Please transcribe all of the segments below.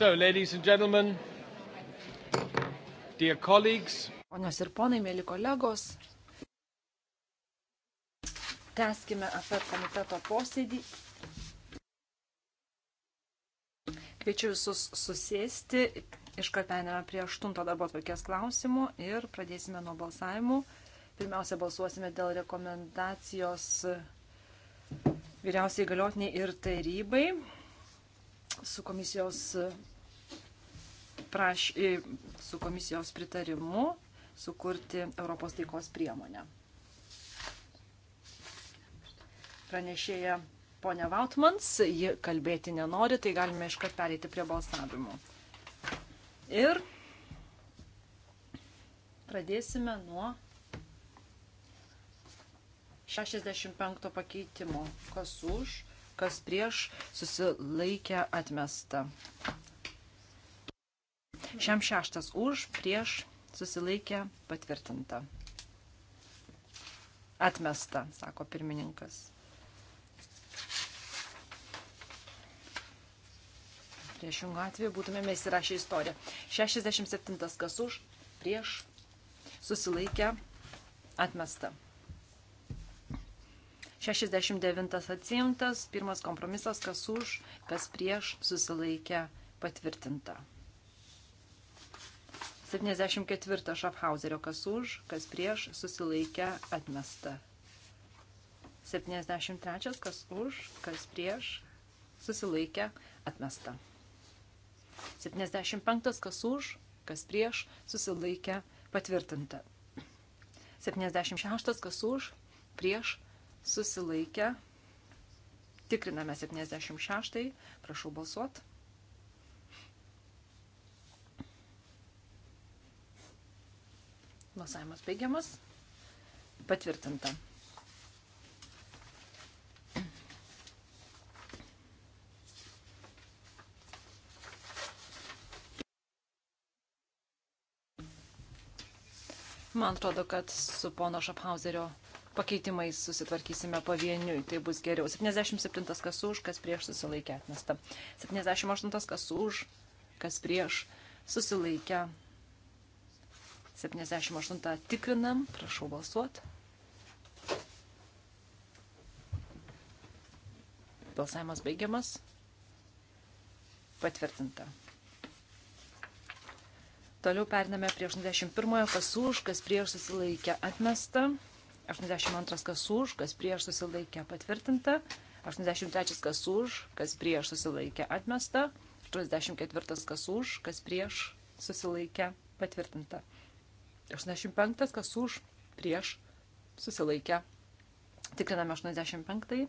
So, ladies and gentlemen, dear colleagues. Ponios ir ponai, mėly kolegos, tęskime AFET komiteto posėdį. Kviečiu visus susėsti. Iškart einame prie aštunto darbo tvarkės klausimų ir pradėsime nuo balsavimų. Pirmiausia, balsuosime dėl rekomendacijos vyriausiai galiotiniai ir tarybai su komisijos, praš, e, su komisijos pritarimu sukurti Europos taikos priemonę. Pranešėja ponia Vautmans, ji kalbėti nenori, tai galime iškart pereiti prie balsavimo. Ir pradėsime nuo 65 pakeitimo. Kas už? kas prieš, susilaikė atmesta. Šiam šeštas už, prieš, susilaikė patvirtinta. Atmesta, sako pirmininkas. Priešingų atveju būtumėme įsirašę istoriją. 67 kas už, prieš, susilaikė, atmesta. 69 atsiimtas, pirmas kompromisas, kas už, kas prieš, susilaikė patvirtinta. 74 Šafhauserio, kas už, kas prieš, susilaikė atmesta. 73 kas už, kas prieš, susilaikė atmesta. 75 kas už, kas prieš, susilaikė patvirtinta. 76 kas už, prieš, susilaikę. Tikriname 76. Prašau balsuot. Balsavimas baigiamas. Patvirtinta. Man atrodo, kad su pono Šaphauserio pakeitimais susitvarkysime pavieniui, tai bus geriau. 77 kas už, kas prieš susilaikę atmesta. 78 kas už, kas prieš susilaikę. 78 tikrinam, prašau balsuoti. Balsavimas baigiamas. Patvirtinta. Toliau periname prie 81 kas už, kas prieš susilaikę atmesta. 82 kas už, kas prieš susilaikė patvirtinta. 83 kas už, kas prieš susilaikė atmesta. 84 kas už, kas prieš susilaikė patvirtinta. 85 kas už, prieš susilaikė. Tikriname 85. -tai.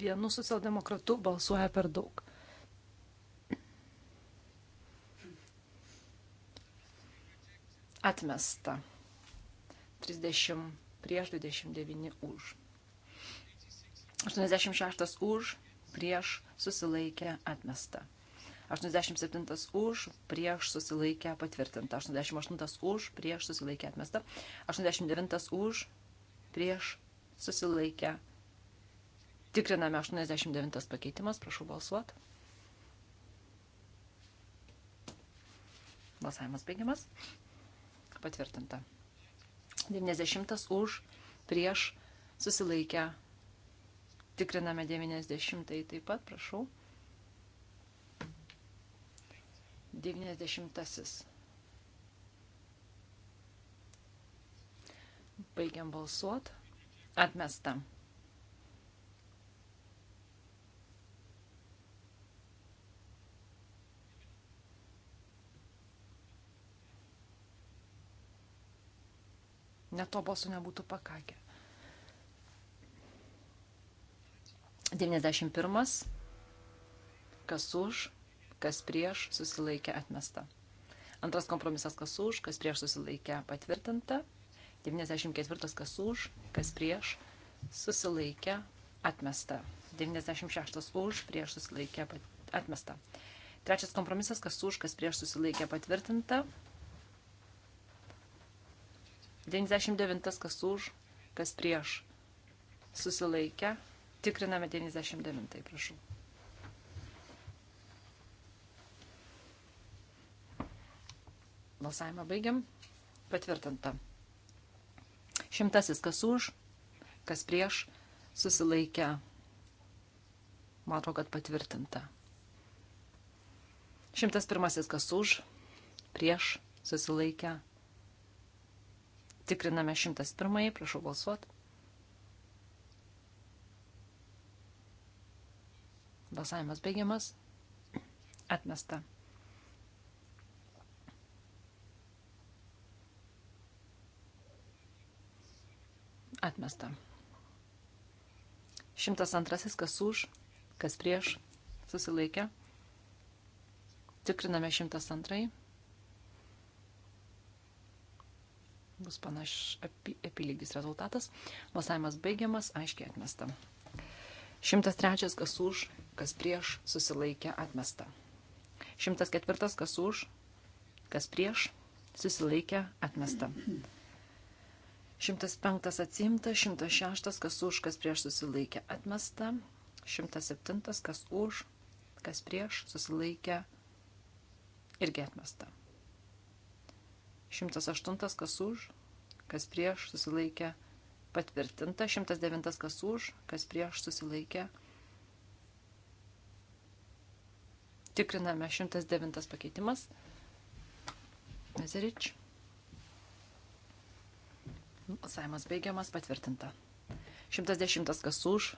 Vienu socialdemokratu balsuoja per daug. Atmesta. 30 prieš 29 už. 86 už, prieš susilaikė atmesta. 87 už, prieš susilaikę patvirtinta. 88 už, prieš susilaikę atmesta. 89 už, prieš susilaikę. Tikriname 89 pakeitimas, prašau balsuot. Balsavimas baigiamas patvirtinta. 90 už, prieš, susilaikę. Tikriname 90 taip pat, prašau. 90. -asis. Baigiam balsuot. Atmesta. Net to balsų nebūtų pakakę. 91. Kas už, kas prieš, susilaikė atmesta. Antras kompromisas, kas už, kas prieš susilaikė patvirtinta. 94. kas už, kas prieš susilaikė atmesta. 96. už, prieš susilaikė atmesta. Trečias kompromisas, kas už, kas prieš susilaikė patvirtinta. 99 kas už, kas prieš. Susilaikę. Tikriname 99, prašau. Balsavimą baigiam. Patvirtinta. Šimtasis kas už, kas prieš, susilaikę. Matau, kad patvirtinta. Šimtas pirmasis kas už, prieš, susilaikę Tikriname 101, prašau balsuoti. Balsavimas baigiamas. Atmesta. Atmesta. 102. Kas už, kas prieš, susilaikė. Tikriname 102. bus panaš api, apylygis rezultatas. Balsavimas baigiamas, aiškiai atmesta. 103 kas už, kas prieš, susilaikė atmesta. 104 kas už, kas prieš, susilaikė atmesta. 105 atsimta, 106 kas už, kas prieš, susilaikė atmesta. 107 kas už, kas prieš, susilaikė irgi atmesta. 108 kas už, kas prieš susilaikė patvirtinta, 109 kas už, kas prieš susilaikė. Tikriname 109 pakeitimas. Mezerič. Saimas baigiamas, patvirtinta. 110 kas už,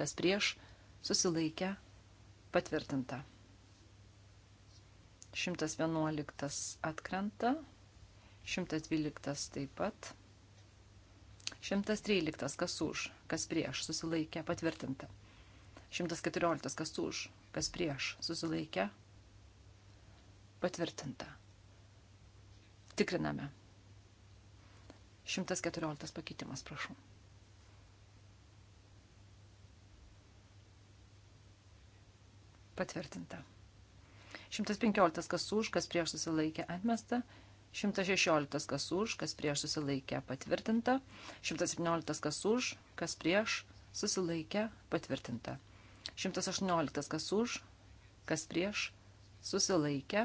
kas prieš susilaikė patvirtinta. 111 atkrenta. 112 taip pat. 113 kas už, kas prieš, susilaikė, patvirtinta. 114 kas už, kas prieš, susilaikė, patvirtinta. Tikriname. 114 pakeitimas, prašau. Patvirtinta. 115 kas už, kas prieš susilaikė atmesta, 116 kas už, kas prieš susilaikė patvirtinta. 117 kas už, kas prieš susilaikė patvirtinta. 118 kas už, kas prieš susilaikė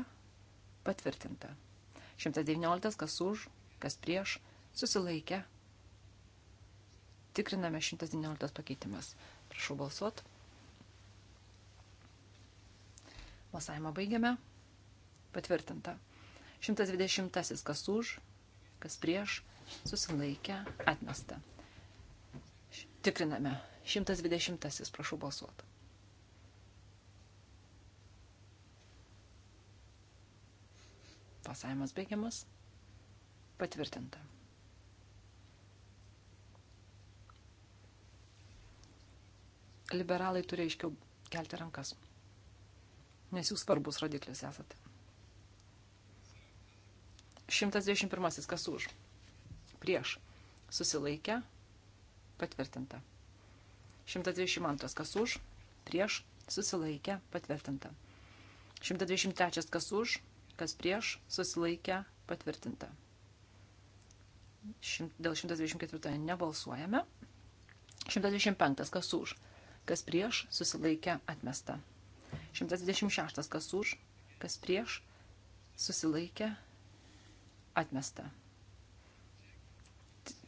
patvirtinta. 119 kas už, kas prieš susilaikė. Tikriname 119 pakeitimas. Prašau balsuot. Balsavimą baigiame. Patvirtinta. 120 kas už, kas prieš, susilaikę, atmesta. Tikriname. 120 prašau balsuoti. Pasavimas baigiamas. Patvirtinta. Liberalai turi aiškiau kelti rankas, nes jūs svarbus rodiklis esate. 121. Kas už? Prieš. Susilaikę. Patvirtinta. 122. Kas už? Prieš. Susilaikę. Patvirtinta. 123. Kas už? Kas prieš? Susilaikę. Patvirtinta. Dėl 124 nebalsuojame. 125. Kas už? Kas prieš? Susilaikę. Atmesta. 126. Kas už? Kas prieš? Susilaikę. Atmesta Atmesta.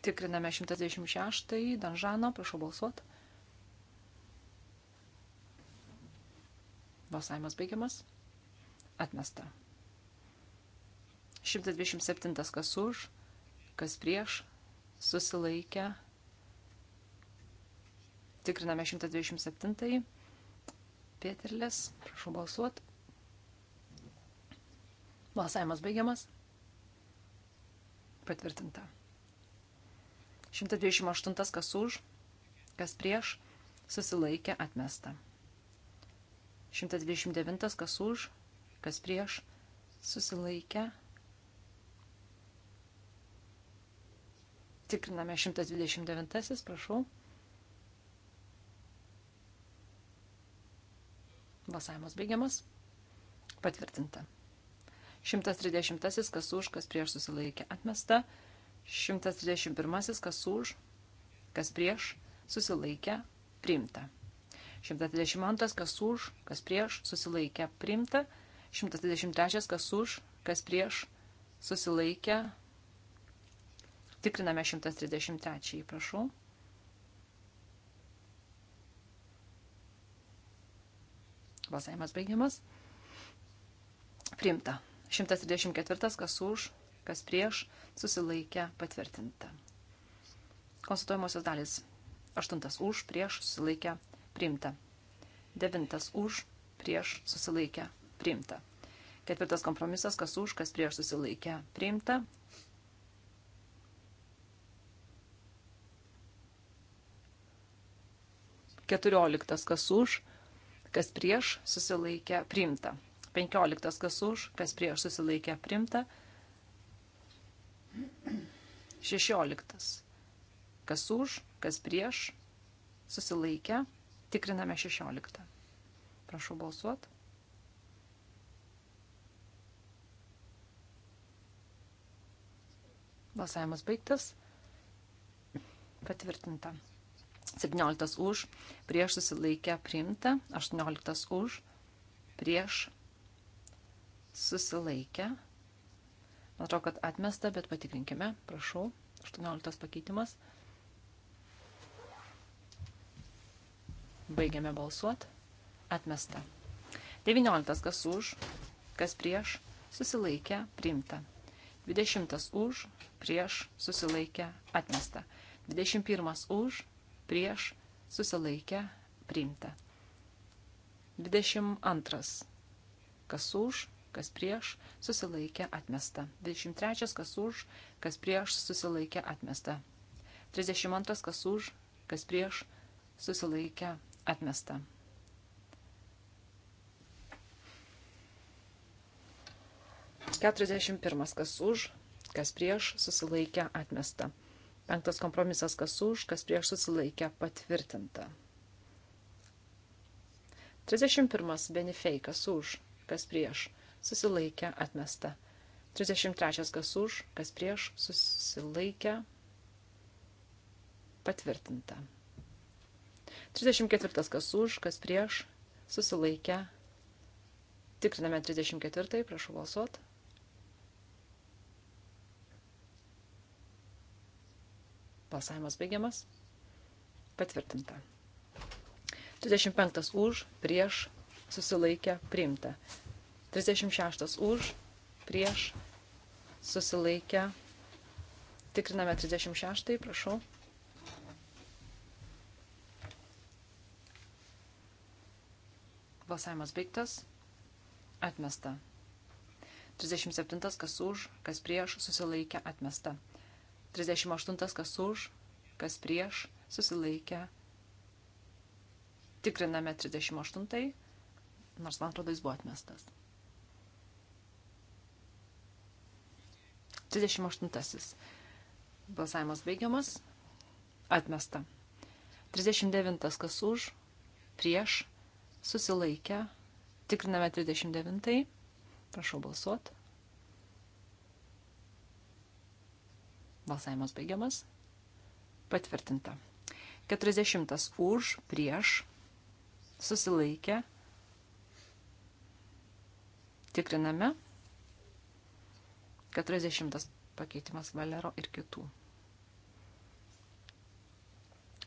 Tikriname 126. Danžano, prašau balsuot. Balsavimas baigiamas. Atmesta. 127. Kas už, kas prieš, susilaikę. Tikriname 127. Pieterlis, prašau balsuot. Balsavimas baigiamas. Patvirtinta. 128 kas už, kas prieš, susilaikė atmesta. 129 kas už, kas prieš, susilaikė. Tikriname 129, prašau. Balsavimas baigiamas. Patvirtinta. 130 kas už, kas prieš susilaikė atmesta. 131 kas už, kas prieš susilaikė priimta. 122 kas už, kas prieš susilaikė priimta. 123 kas už, kas prieš susilaikė. Tikriname 133, prašau. Balsavimas baigiamas. Priimta. 134 kas už, kas prieš, susilaikė patvirtinta. Konstatuojamosios dalys 8 už, prieš, susilaikė priimta. 9 už, prieš, susilaikė priimta. Ketvirtas kompromisas, kas už, kas prieš susilaikė priimta. Keturioliktas, kas už, kas prieš susilaikė priimta. 15, kas už, kas prieš susilaikė primta. 16, kas už, kas prieš susilaikė. Tikriname 16. Prašau balsuot. Balsavimas baigtas. Patvirtinta. 17 už, prieš susilaikę priimta, 18 už, prieš susilaikę. Man atrodo, kad atmesta, bet patikrinkime. Prašau, 18 pakeitimas. Baigiame balsuoti. Atmesta. 19 kas už, kas prieš, susilaikę, priimta. 20 už, prieš, susilaikę, atmesta. 21 už, prieš, susilaikę, priimta. 22 kas už, kas prieš, susilaikė atmesta. 23. kas už, kas prieš, susilaikė atmesta. 32. kas už, kas prieš, susilaikė atmesta. Keturiasdešimt pirmas, kas už, kas prieš, susilaikė atmesta. Penktas kompromisas, kas už, kas prieš, susilaikė patvirtinta. 31. Benefei, kas už, kas prieš, susilaikė, atmesta. 33 kas už, kas prieš, susilaikė, patvirtinta. 34 kas už, kas prieš, susilaikė. Tikriname 34, prašau balsuot. Balsavimas baigiamas. Patvirtinta. 35 už, prieš, susilaikė, priimta. 36 už, prieš, susilaikę. Tikriname 36, prašau. Balsavimas baigtas. Atmesta. 37 kas už, kas prieš, susilaikė, atmesta. 38 kas už, kas prieš, susilaikė. Tikriname 38, nors man atrodo jis buvo atmestas. 38. Balsavimas baigiamas. Atmesta. 39. Kas už, prieš, susilaikę. Tikriname 39. Prašau balsuoti. Balsavimas baigiamas. Patvirtinta. 40 už, prieš, susilaikę. Tikriname. 40 pakeitimas Valero ir kitų.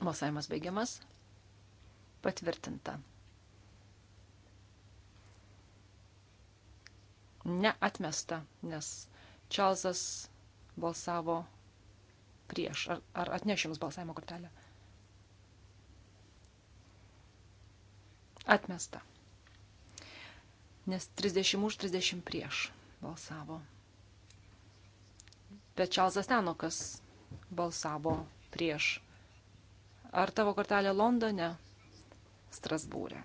Balsavimas baigiamas. Patvirtinta. Neatmesta, nes Čarlzas balsavo prieš. Ar, ar atneš jums balsavimo kortelę? Atmesta. Nes 30 už 30 prieš balsavo bet Čalzas Tenokas balsavo prieš. Ar tavo kortelė Londone? Strasbūrė.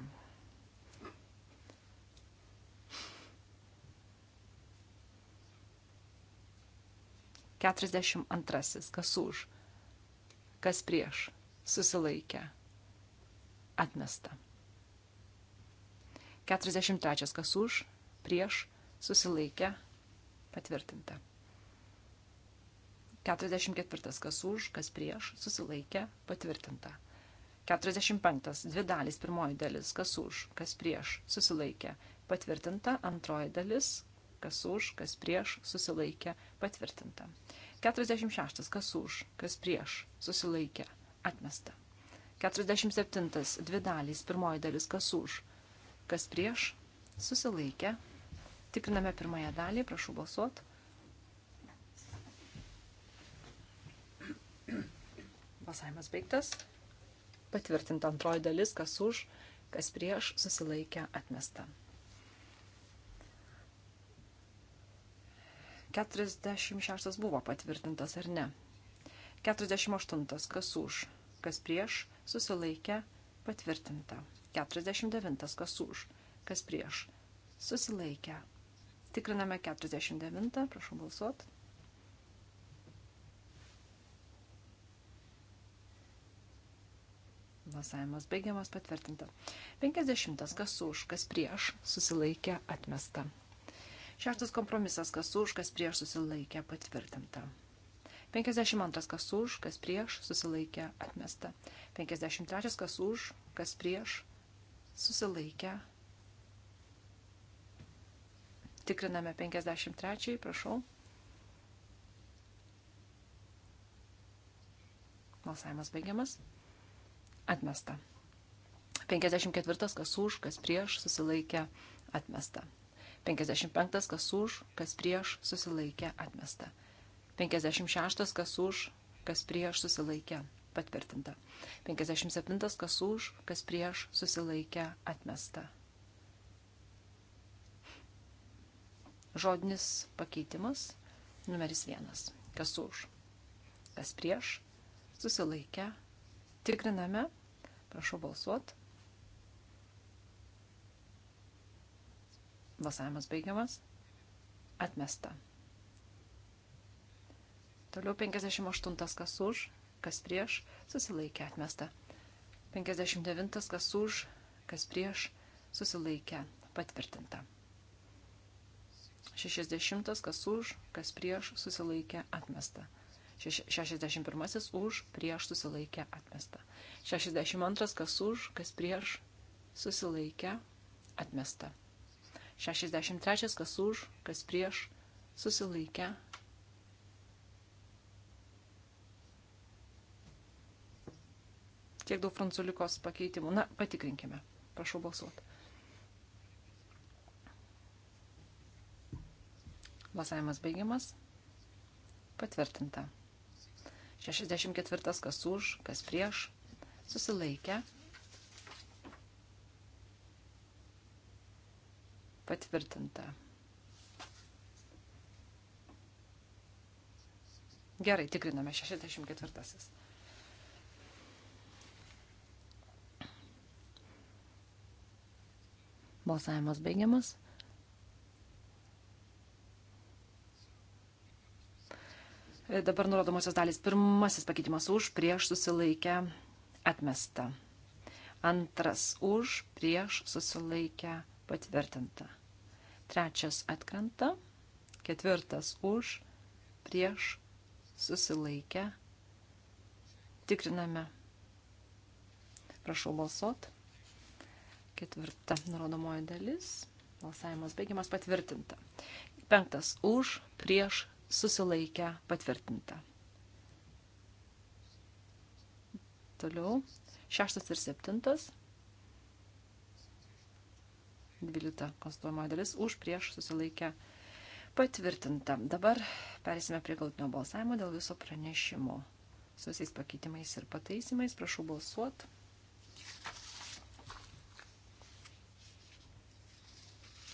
Keturiasdešimt antrasis. Kas už? Kas prieš? Susilaikę. Atmesta. 43. Kas už, prieš, susilaikę, patvirtinta. 44. Kas už, kas prieš, susilaikė, patvirtinta. 45. Dvi dalys. Pirmoji dalis. Kas už, kas prieš, susilaikė, patvirtinta. Antroji dalis. Kas už, kas prieš, susilaikė, patvirtinta. 46. Kas už, kas prieš, susilaikė, atmesta. 47. Dvi dalys. Pirmoji dalis. Kas už, kas prieš, susilaikė. Tikriname pirmąją dalį. Prašau balsuoti. Balsavimas baigtas. Patvirtinta antroji dalis, kas už, kas prieš, susilaikę, atmesta. 46 buvo patvirtintas ar ne. 48 kas už, kas prieš, susilaikė, patvirtinta. 49 kas už, kas prieš, susilaikė. Tikriname 49, prašau balsuoti. Balsavimas baigiamas patvirtinta. 50. Kas už, kas prieš, susilaikė atmesta. Šeštas kompromisas. Kas už, kas prieš, susilaikė patvirtinta. 52. Kas už, kas prieš, susilaikė atmesta. 53. Kas už, kas prieš, susilaikė. Tikriname 53. Prašau. Balsavimas baigiamas atmesta. 54 kas už, kas prieš susilaikė atmesta. 55 kas už, kas prieš susilaikė atmesta. 56 kas už, kas prieš susilaikė patvirtinta. 57 kas už, kas prieš susilaikė atmesta. Žodinis pakeitimas numeris 1. Kas už, kas prieš susilaikė. Tikriname Prašau balsuot. Balsavimas baigiamas. Atmesta. Toliau 58 kas už, kas prieš, susilaikė atmesta. 59 kas už, kas prieš, susilaikė patvirtinta. 60 kas už, kas prieš, susilaikė atmesta. 61 už, prieš susilaikę atmesta. 62 kas už, kas prieš susilaikę atmesta. 63 kas už, kas prieš susilaikę. Tiek daug franculikos pakeitimų. Na, patikrinkime. Prašau balsuoti. Balsavimas baigiamas. Patvirtinta. 64 kas už, kas prieš, susilaikę. Patvirtinta. Gerai, tikriname 64. Balsavimas baigiamas. dabar nurodomosios dalys. Pirmasis pakeitimas už, prieš susilaikę atmesta. Antras už, prieš susilaikę patvirtinta. Trečias atkrenta. Ketvirtas už, prieš susilaikę. Tikriname. Prašau balsuot. Ketvirta nurodomoji dalis. Balsavimas baigiamas patvirtinta. Penktas už, prieš susilaikę patvirtinta. Toliau, šeštas ir septintas. Dvylita konstatuojama dalis už prieš susilaikę patvirtinta. Dabar perėsime prie galtinio balsavimo dėl viso pranešimo. Su visais pakeitimais ir pataisimais prašau balsuoti.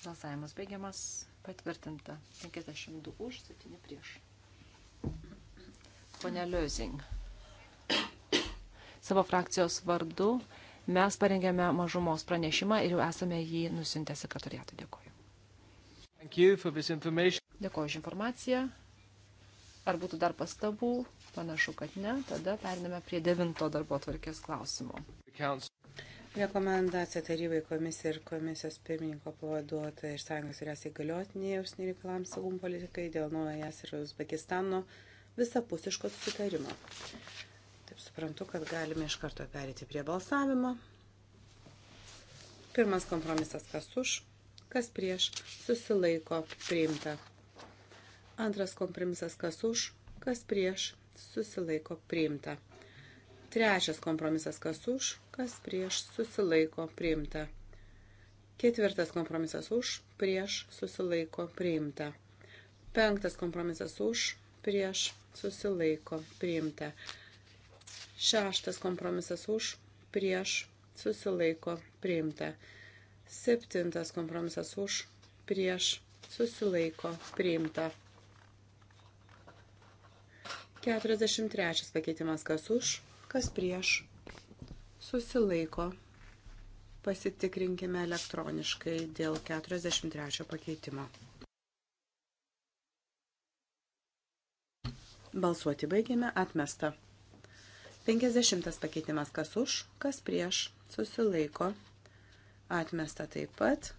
Balsavimas baigiamas. Patvirtinta. 52 už, 7 prieš. Pone Liuzing. Savo frakcijos vardu mes parengėme mažumos pranešimą ir jau esame jį nusintę sekretoriatui. Dėkuoju. Dėkuoju už informaciją. Ar būtų dar pastabų? Panašu, kad ne. Tada periname prie devinto darbo tvarkės klausimo. Rekomendacija tarybai komisija ir komisijos pirmininko pavaduota iš Sąjungos ir jas įgaliotinėje užsienio reikalams saugumo politikai dėl naujo jas ir Uzbekistano visapusiško susitarimo. Taip suprantu, kad galime iš karto perėti prie balsavimo. Pirmas kompromisas kas už, kas prieš, susilaiko, priimta. Antras kompromisas kas už, kas prieš, susilaiko, priimta. Trečias kompromisas kas už, kas prieš susilaiko priimta. Ketvirtas kompromisas už, prieš susilaiko priimta. Penktas kompromisas už, prieš susilaiko priimta. Šeštas kompromisas už, prieš susilaiko priimta. Septintas kompromisas už, prieš susilaiko priimta. 43 pakeitimas kas už, kas prieš, susilaiko. Pasitikrinkime elektroniškai dėl 43 pakeitimo. Balsuoti baigėme atmestą. 50 pakeitimas kas už, kas prieš, susilaiko, atmesta taip pat.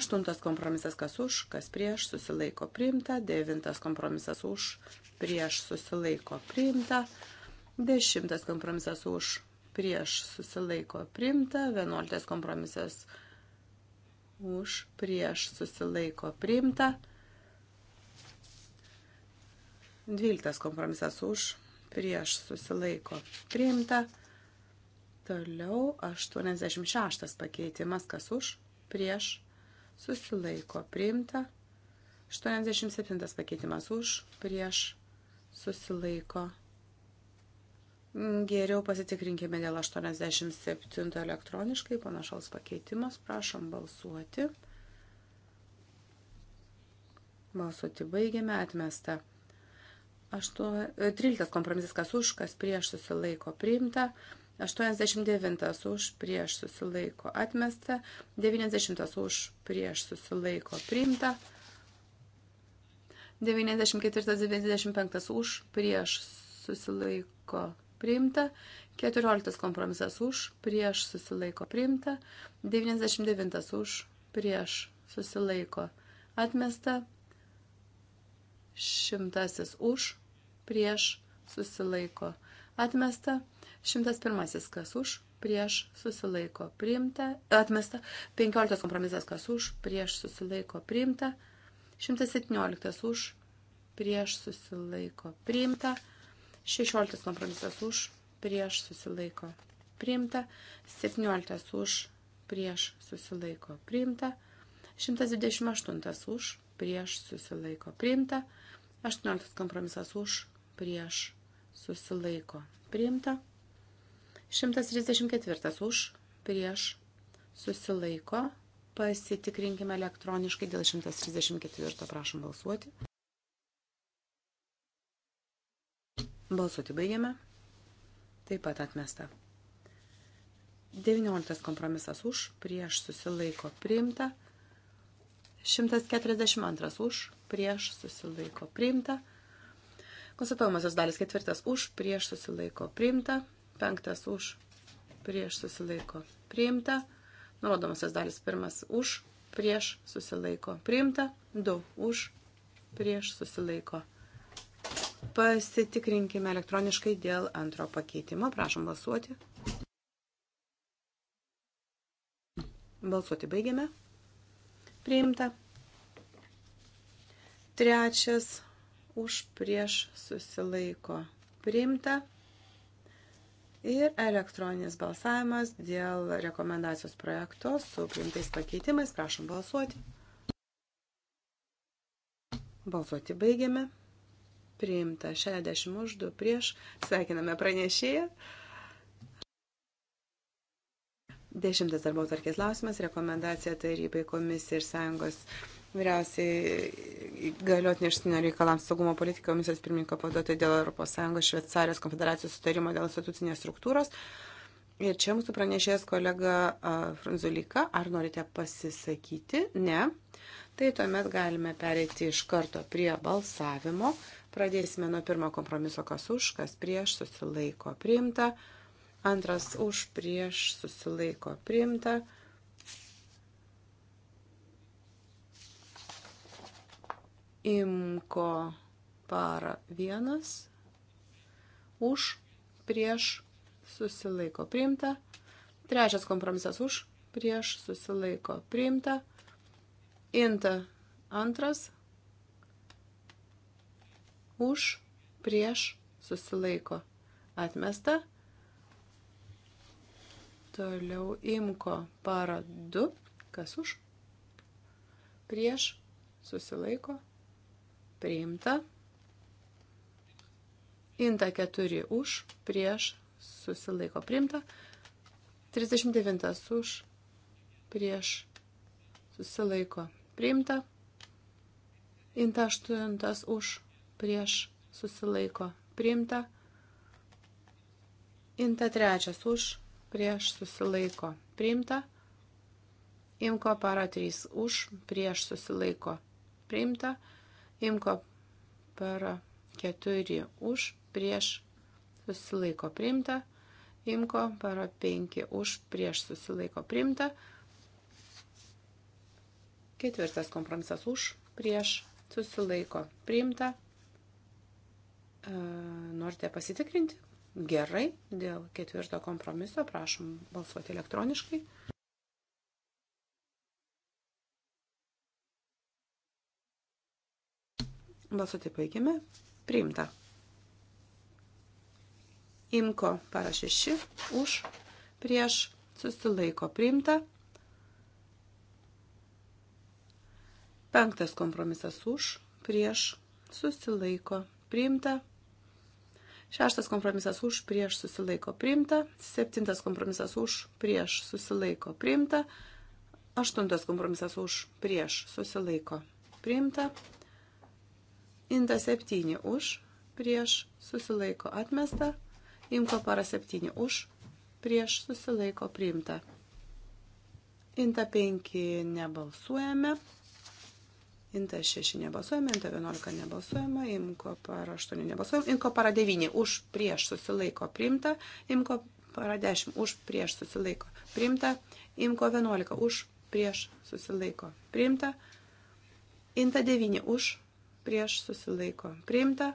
8 kompromisas kas už, kas prieš, susilaiko priimta. 9 kompromisas už, prieš, susilaiko priimta. Dešimtas kompromisas už prieš susilaiko priimta. Vienuoliktas kompromisas už prieš susilaiko priimta. Dvyliktas kompromisas už prieš susilaiko priimta. Toliau 86 pakeitimas, kas už prieš susilaiko priimta. 87 pakeitimas už prieš susilaiko priimta susilaiko Geriau pasitikrinkime dėl 87 elektroniškai, panašaus pakeitimas, prašom balsuoti. Balsuoti baigiame, atmesta. 8, 13 e, kompromisas, kas už, kas prieš susilaiko priimta, 89 už, prieš susilaiko atmesta, 90 už, prieš susilaiko priimta. 94-95 už, prieš susilaiko priimta, 14 kompromisas už, prieš susilaiko priimta, 99 už, prieš susilaiko atmesta, 100 už, prieš susilaiko atmesta, 101 kas už, prieš susilaiko priimta, atmesta, 15 kompromisas kas už, prieš susilaiko priimta, 117 už, prieš susilaiko priimta. 16 kompromisas už, prieš susilaiko priimta, 17 už, prieš susilaiko priimta, 128 už, prieš susilaiko priimta, 18 kompromisas už, prieš susilaiko priimta, 134 už, prieš susilaiko, pasitikrinkime elektroniškai dėl 134, prašom balsuoti. Balsuoti baigiame. Taip pat atmesta. 19 kompromisas už, prieš susilaiko priimta. 142 už, prieš susilaiko priimta. Konstatuojamosios dalis ketvirtas už, prieš susilaiko priimta. Penktas už, prieš susilaiko priimta. Nurodomosios dalis pirmas už, prieš susilaiko priimta. Du už, prieš susilaiko Pasitikrinkime elektroniškai dėl antro pakeitimo. Prašom balsuoti. Balsuoti baigiame. Priimta. Trečias už prieš susilaiko. Priimta. Ir elektroninis balsavimas dėl rekomendacijos projekto su priimtais pakeitimais. Prašom balsuoti. Balsuoti baigiame priimta 60 už 2 prieš. Sveikiname pranešėją. Dešimtas darbo tvarkės klausimas - rekomendacija tarybai komisijai ir sąjungos vyriausiai galiotinė užsienio reikalams saugumo politika komisijos pirmininko paduotojai dėl ES Šveicarijos konfederacijos sutarimo dėl institucinės struktūros. Ir čia mūsų pranešėjas kolega uh, Franzulika, ar norite pasisakyti? Ne. Tai tuomet galime pereiti iš karto prie balsavimo. Uh, Pradėsime nuo pirmo kompromiso, kas už, kas prieš susilaiko priimta. Antras už, prieš susilaiko priimta. Imko para vienas. Už, prieš susilaiko priimta. Trečias kompromisas už, prieš susilaiko priimta. Inta antras už, prieš, susilaiko, atmesta. Toliau imko para 2, kas už, prieš, susilaiko, priimta. Inta 4 už, prieš, susilaiko, priimta. 39 už, prieš, susilaiko, priimta. Inta 8 už, prieš susilaiko priimta. Inta trečias už prieš susilaiko priimta. Imko para 3 už prieš susilaiko priimta. Imko para 4 už prieš susilaiko priimta. Imko para 5 už prieš susilaiko priimta. Ketvirtas kompromisas už prieš susilaiko priimta. E, norite pasitikrinti? Gerai, dėl ketvirto kompromiso prašom balsuoti elektroniškai. Balsuoti baigėme. Priimta. Imko parašė ši už, prieš, susilaiko priimta. Penktas kompromisas už, prieš, susilaiko priimta. Šeštas kompromisas už prieš susilaiko priimta. Septintas kompromisas už prieš susilaiko priimta. Aštuntas kompromisas už prieš susilaiko priimta. Inta septyni už prieš susilaiko atmesta. Imko para septyni už prieš susilaiko priimta. Inta penki nebalsuojame. Inta 6 nebalsuojama, Inta 11 nebalsuojama, Imko para 8 nebalsuojama, Imko para 9 už prieš susilaiko primta, Imko para 10 už prieš susilaiko primta, Imko 11 už prieš susilaiko primta, Inta 9 už prieš susilaiko primta,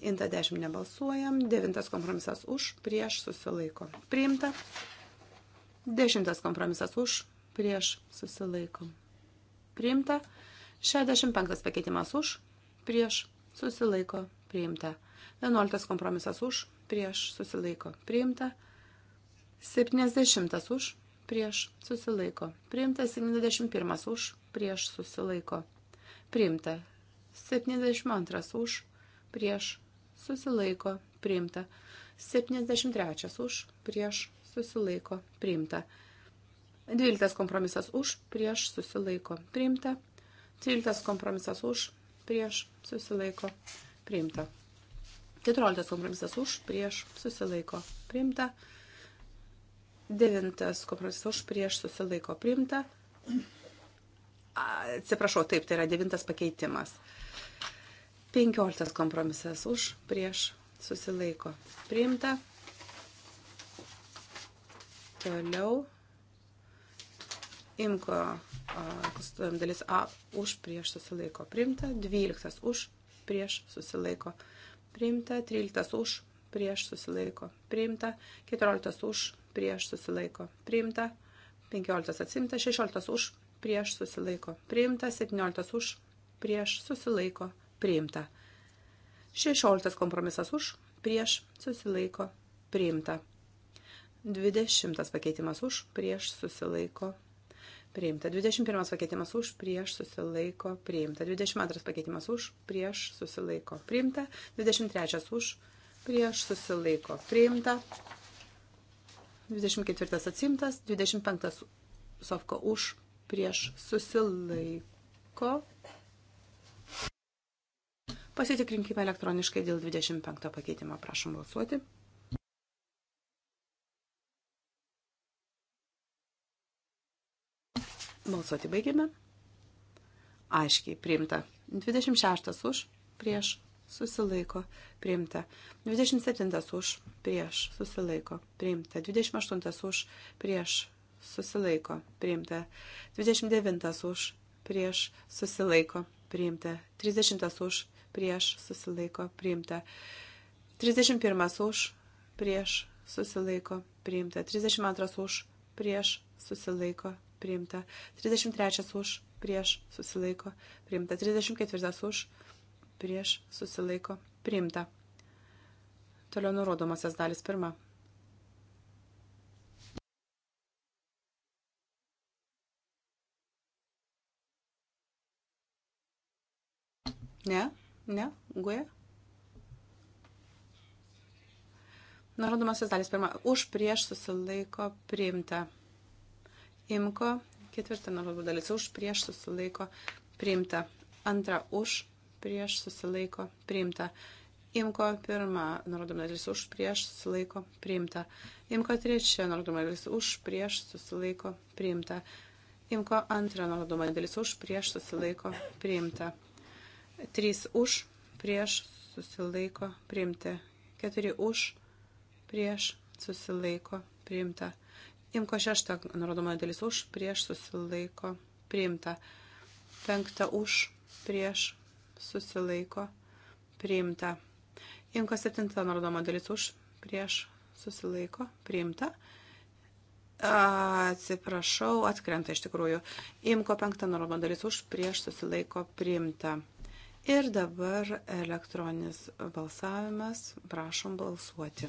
Inta 10 nebalsuojam, 9 kompromisas už prieš susilaiko primta, 10 kompromisas už prieš susilaiko priimta. 65 pakeitimas už, prieš, susilaiko, priimta. 11 kompromisas už, prieš, susilaiko, priimta. 70 už, prieš, susilaiko, priimta. 71 už, prieš, susilaiko, priimta. 72 už, prieš, susilaiko, priimta. 73 už, prieš, susilaiko, priimta. 12 kompromisas už, prieš susilaiko priimta. 13 kompromisas už, prieš susilaiko priimta. 14 kompromisas už, prieš susilaiko priimta. 9 kompromisas už, prieš susilaiko priimta. Atsiprašau, taip, tai yra 9 pakeitimas. 15 kompromisas už, prieš susilaiko priimta. Toliau Imko konstatuojam dalis A už prieš susilaiko priimta, 12 už prieš susilaiko priimta, 13 už prieš susilaiko priimta, 14 už prieš susilaiko priimta, 15 atsimta, 16 už prieš susilaiko priimta, 17 už prieš susilaiko priimta, 16 kompromisas už prieš susilaiko priimta. 20 pakeitimas už prieš susilaiko priimta. 21 pakeitimas už, prieš susilaiko priimta. 22 pakeitimas už, prieš susilaiko priimta. 23 už, prieš susilaiko priimta. 24 atsimtas, 25 sofko už, prieš susilaiko. Pasitikrinkime elektroniškai dėl 25 pakeitimo. Prašom balsuoti. Balsuoti baigėme. Aiškiai priimta. 26 už, prieš, susilaiko, priimta. 27 už, prieš, susilaiko, priimta. 28 už, prieš, susilaiko, priimta. 29 už, prieš, susilaiko, priimta. 30 už, prieš, susilaiko, priimta. 31 už, prieš, susilaiko, priimta. 32 už, prieš, susilaiko, priimta. 33 už, prieš, susilaiko, priimta. 34 už, prieš, susilaiko, priimta. Toliau nurodomasias dalis pirma. Ne, ne, guė. Nurodomasias dalis pirma. Už prieš susilaiko priimta. Imko ketvirta nuorodų dalis už prieš susilaiko priimta. Antra už prieš susilaiko priimta. Imko pirmą nurodomą dalis už prieš susilaiko priimta. Imko trečią nurodomą dalis už prieš susilaiko priimta. Imko antrą nurodomą dalis už prieš susilaiko priimta. Trys už prieš susilaiko priimti. Keturi už prieš susilaiko priimta. Imko šešta, nurodomoji dalis už, prieš susilaiko priimta. Penkta už, prieš susilaiko priimta. Imko septinta, nurodoma dalis už, prieš susilaiko priimta. Atsiprašau, atkrenta iš tikrųjų. Imko penktą normą dalis už prieš susilaiko priimta. Ir dabar elektroninis balsavimas. Prašom balsuoti.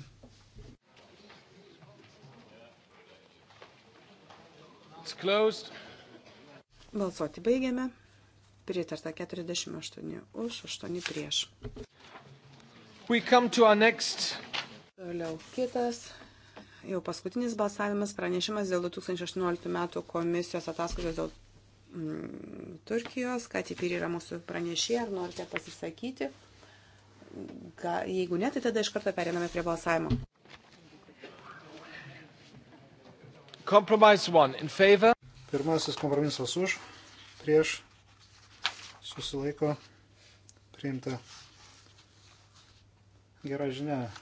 Balsuoti baigiame. Pritarta 48 už, 8 prieš. Toliau kitas jau paskutinis balsavimas pranešimas dėl 2018 metų komisijos ataskaitos dėl mm, Turkijos, kad įpyri yra mūsų pranešė, ar norite pasisakyti. Ga, jeigu ne, tai tada iš karto periname prie balsavimo. Compromise 1 in favor. Pirmasis kompromisas už, prieš, susilaiko, priimta. Gera žinia,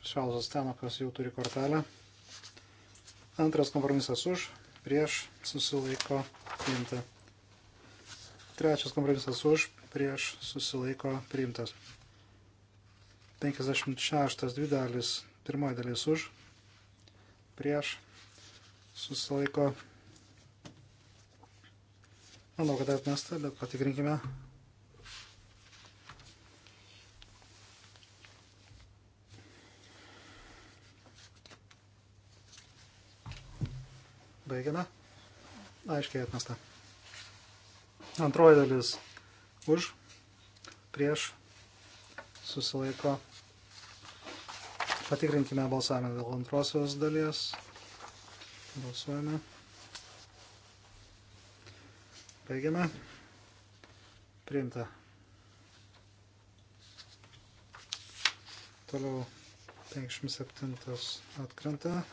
Šalzas Tenakas jau turi kortelę. Antras kompromisas už, prieš, susilaiko, priimta. Trečias kompromisas už, prieš, susilaiko, priimtas. 56 dvi dalis, pirmoji dalis už, prieš, susilaiko. Manau, kad atmesta, bet patikrinkime. Baigiame. Aiškiai atmesta. Antroji dalis už, prieš, susilaiko. Patikrinkime balsavimą dėl antrosios dalies. Balsuojame. Baigiame. Priimta. Toliau 57 atkrenta.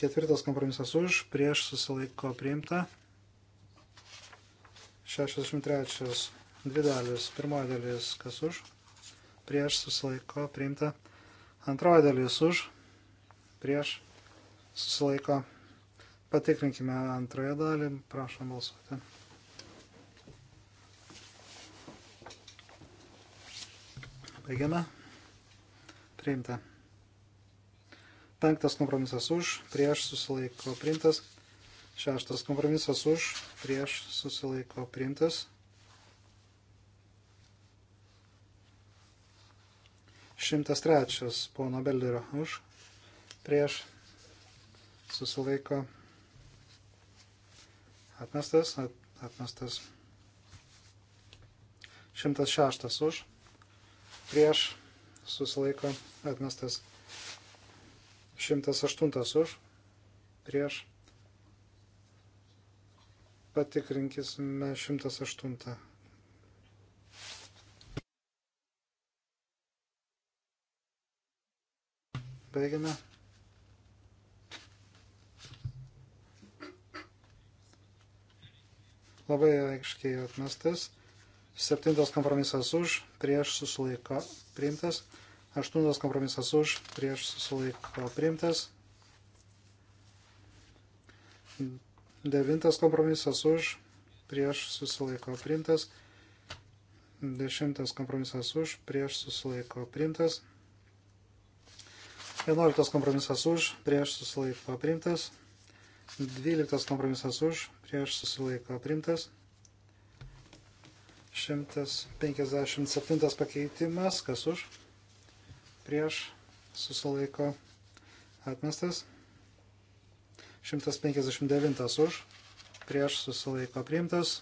Ketvirtas kompromisas už, prieš susilaiko priimta. 63. Dvi dalis. Pirmoji dalis kas už, prieš susilaiko priimta. Antroji dalis už, prieš susilaiko priimta Patikrinkime antrąją dalį, prašom balsuoti. Baigiame. Priimta. Penktas kompromisas už, prieš susilaiko priimtas. Šeštas kompromisas už, prieš susilaiko priimtas. Šimtas trečias pono Belderio už, prieš susilaiko priimtas Atmestas, at, atmestas. 106 už, prieš susilaiko atmestas. 108 už, prieš. Patikrinkisime 108. Baigiame. labai aiškiai atmestas. Septintas kompromisas už, prieš susilaiko priimtas. Aštuntas kompromisas už, prieš susilaiko priimtas. Devintas kompromisas už, prieš susilaiko priimtas. Dešimtas kompromisas už, prieš susilaiko priimtas. Vienuoliktas kompromisas už, prieš susilaiko priimtas. Dvyliktas kompromisas už, prieš susilaiko primtas. 157 pakeitimas, kas už, prieš susilaiko atmestas. 159 už, prieš susilaiko priimtas.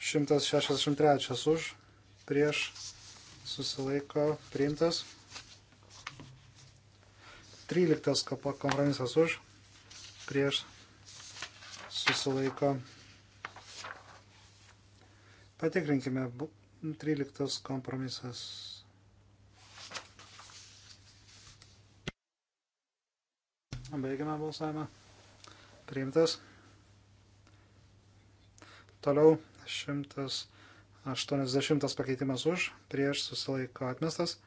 163 už, prieš susilaiko priimtas. 13 kompromisas už, prieš susilaiko. Patikrinkime 13 kompromisas. Baigiame balsavimą. Priimtas. Toliau 180 pakeitimas už, prieš susilaiko atmestas.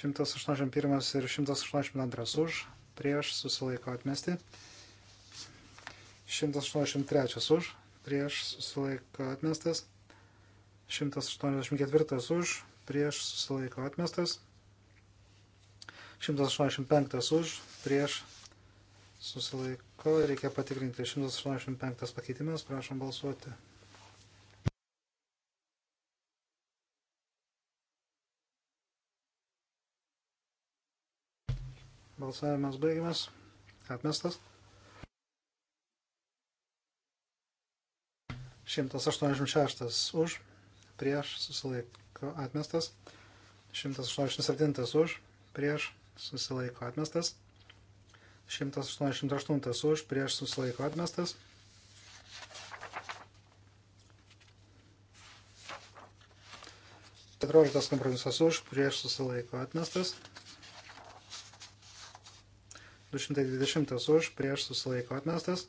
181 ir 182 už, prieš susilaiko atmesti. 183 už, prieš susilaiko atmestas. 184 už, prieš susilaiko atmestas. 185 už, prieš susilaiko, reikia patikrinti. 185 pakeitimas, prašom balsuoti. Balsavimas baigiamas. Atmestas. 186 už, prieš susilaiko atmestas. 187 už, prieš susilaiko atmestas. 188 už, prieš susilaiko atmestas. 14 kompromisas už, prieš susilaiko atmestas. 220 už, prieš susilaiko atmestas.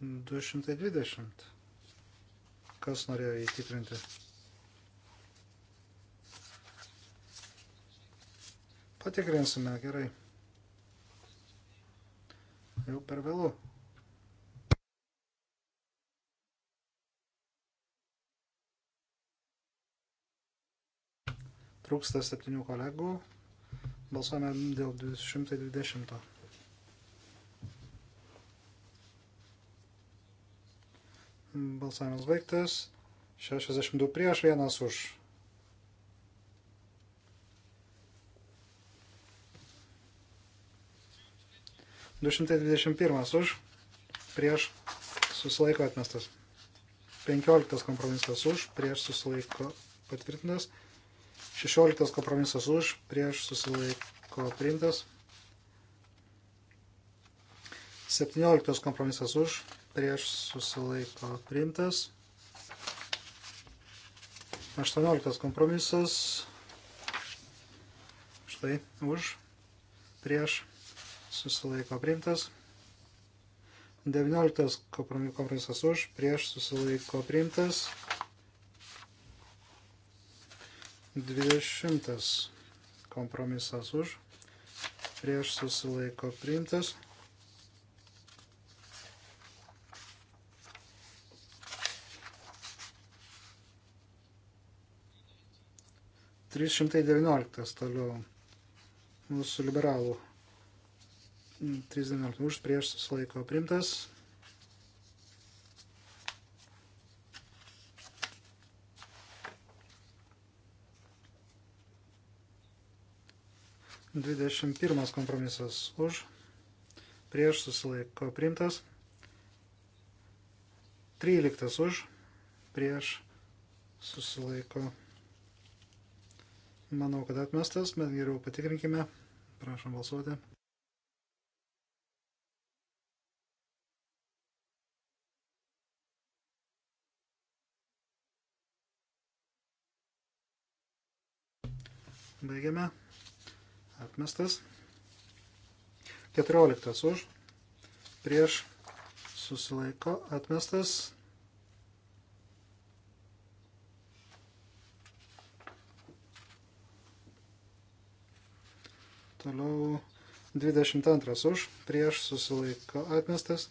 220. Kas norėjo įtikrinti? Patikrinsime, gerai. Jau per vėlų. Trūksta septynių kolegų. Balsuojame dėl 220. Balsavimas baigtas. 62 prieš, 1 už. Du šimtai dvidešimt pirmas už, prieš susilaiko atmestas. Penkioliktas kompromisas už, prieš susilaiko patvirtintas. 16 kompromisas už, prieš susilaiko priimtas. 17 kompromisas už, prieš susilaiko priimtas. 18 kompromisas. Štai už, prieš susilaiko priimtas. 19 kompromisas už, prieš susilaiko priimtas. 20 kompromisas už, prieš susilaiko priimtas. Trys šimtai devynioliktas toliau mūsų liberalų. 3 dienų už prieš susilaiko primtas. 21 kompromisas už, prieš susilaiko priimtas, 13 už, prieš susilaiko. Manau, kad atmestas, bet geriau patikrinkime. Prašom balsuoti. Baigiame atmestas. 14 už, prieš susilaiko atmestas. Toliau 22 už, prieš susilaiko atmestas.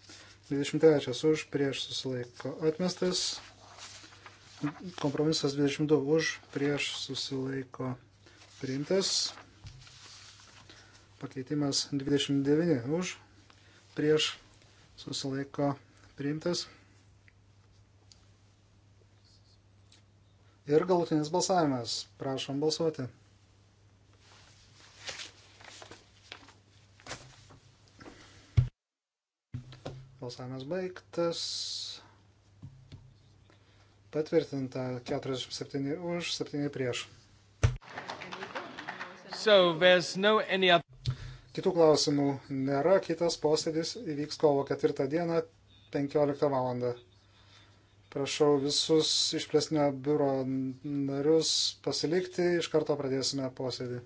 23 už, prieš susilaiko atmestas. Kompromisas 22 už, prieš susilaiko priimtas. Pakeitimas 29 už, prieš susilaiko priimtas. Ir galutinis balsavimas. Prašom balsuoti. Balsavimas baigtas. Patvirtinta 47 už, 7 prieš. So there's no any other Kitų klausimų nėra. Kitas posėdis įvyks kovo 4 dieną 15 val. Prašau visus išplėsnio biuro narius pasilikti. Iš karto pradėsime posėdį.